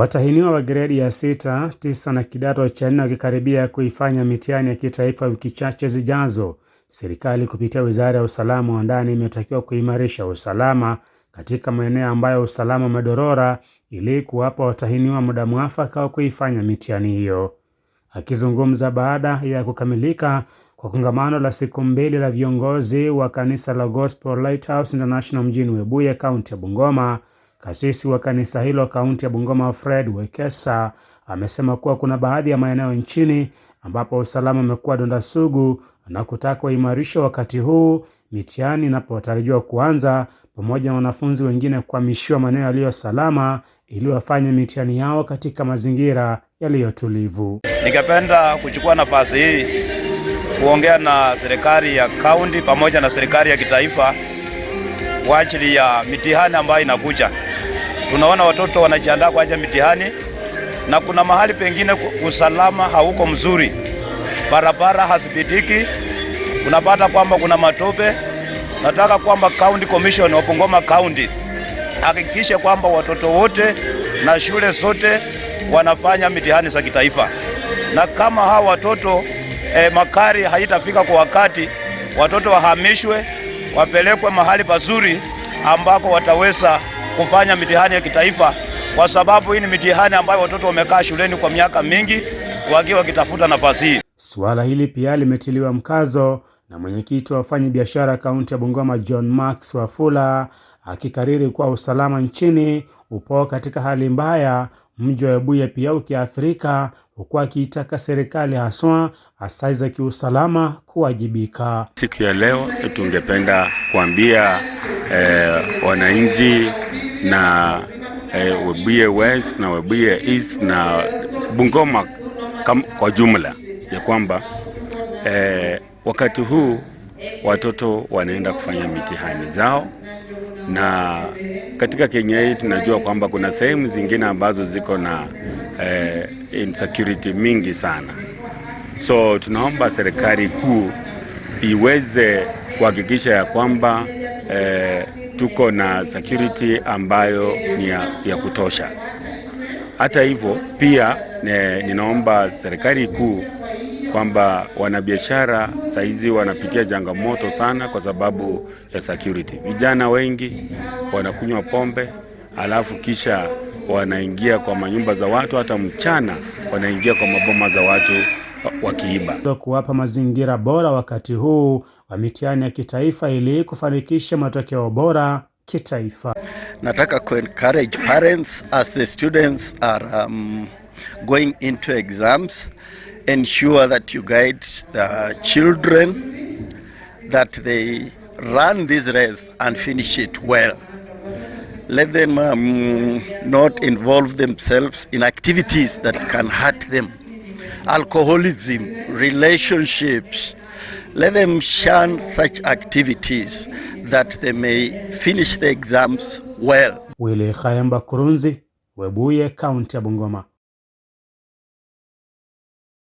Watahiniwa wa gredi ya sita, tisa na kidato cha nne wakikaribia kuifanya mitihani ya kitaifa wiki chache zijazo, serikali kupitia Wizara ya Usalama wa Ndani imetakiwa kuimarisha usalama katika maeneo ambayo usalama umedorora ili kuwapa watahiniwa muda mwafaka wa kuifanya mitihani hiyo. Akizungumza baada ya kukamilika kwa kongamano la siku mbili la viongozi wa kanisa la Gospel Lighthouse International mjini Webuye, kaunti ya Bungoma, Kasisi wa kanisa hilo kaunti ya Bungoma, Fred Wekesa, amesema kuwa kuna baadhi ya maeneo nchini ambapo usalama umekuwa donda sugu na kutaka kuimarisha wakati huu mitihani inapotarajiwa kuanza, pamoja na wanafunzi wengine kuhamishiwa maeneo yaliyo salama ili wafanye mitihani yao katika mazingira yaliyotulivu. Ningependa kuchukua nafasi hii kuongea na serikali ya kaunti pamoja na serikali ya kitaifa kwa ajili ya mitihani ambayo inakuja tunaona watoto wanajiandaa kwa ajili ya mitihani, na kuna mahali pengine usalama hauko mzuri, barabara hazipitiki, unapata kwamba kuna matope. Nataka kwamba County Commission wa Bungoma County hakikishe kwamba watoto wote na shule zote wanafanya mitihani za kitaifa, na kama hawa watoto eh, makari haitafika kwa wakati, watoto wahamishwe wapelekwe mahali pazuri ambako wataweza kufanya mitihani ya kitaifa, kwa sababu hii ni mitihani ambayo watoto wamekaa shuleni kwa miaka mingi wakiwa wakitafuta nafasi hii. Suala hili pia limetiliwa mkazo na mwenyekiti wa biashara kaunti ya Bungoma John Max Wafula akikariri kuwa usalama nchini upo katika hali mbaya, mji wa Webuye pia ukiathirika, huku akiitaka serikali haswa asasi za kiusalama kuwajibika. Siku ya leo tungependa kuambia eh, wananchi na e, Webuye West na Webuye East na Bungoma kam, kwa jumla ya kwamba e, wakati huu watoto wanaenda kufanya mitihani zao, na katika Kenya hii tunajua kwamba kuna sehemu zingine ambazo ziko na eh, insecurity mingi sana, so tunaomba serikali kuu iweze kuhakikisha ya kwamba eh, tuko na security ambayo ni ya, ya kutosha. Hata hivyo pia ne, ninaomba serikali kuu kwamba wanabiashara saizi wanapitia changamoto sana kwa sababu ya security. Vijana wengi wanakunywa pombe alafu kisha wanaingia kwa manyumba za watu, hata mchana wanaingia kwa maboma za watu wakiiba. Kuwapa mazingira bora wakati huu wa mitihani ya kitaifa ili kufanikisha matokeo bora kitaifa. Nataka ku encourage parents as the students are um, going into exams ensure that you guide the children that they run this race and finish it well. Let them um, not involve themselves in activities that can hurt them. Alcoholism, relationships, Let them shun such activities that they may finish the exams well. Willy Khayemba Kurunzi, Webuye, County ya Bungoma.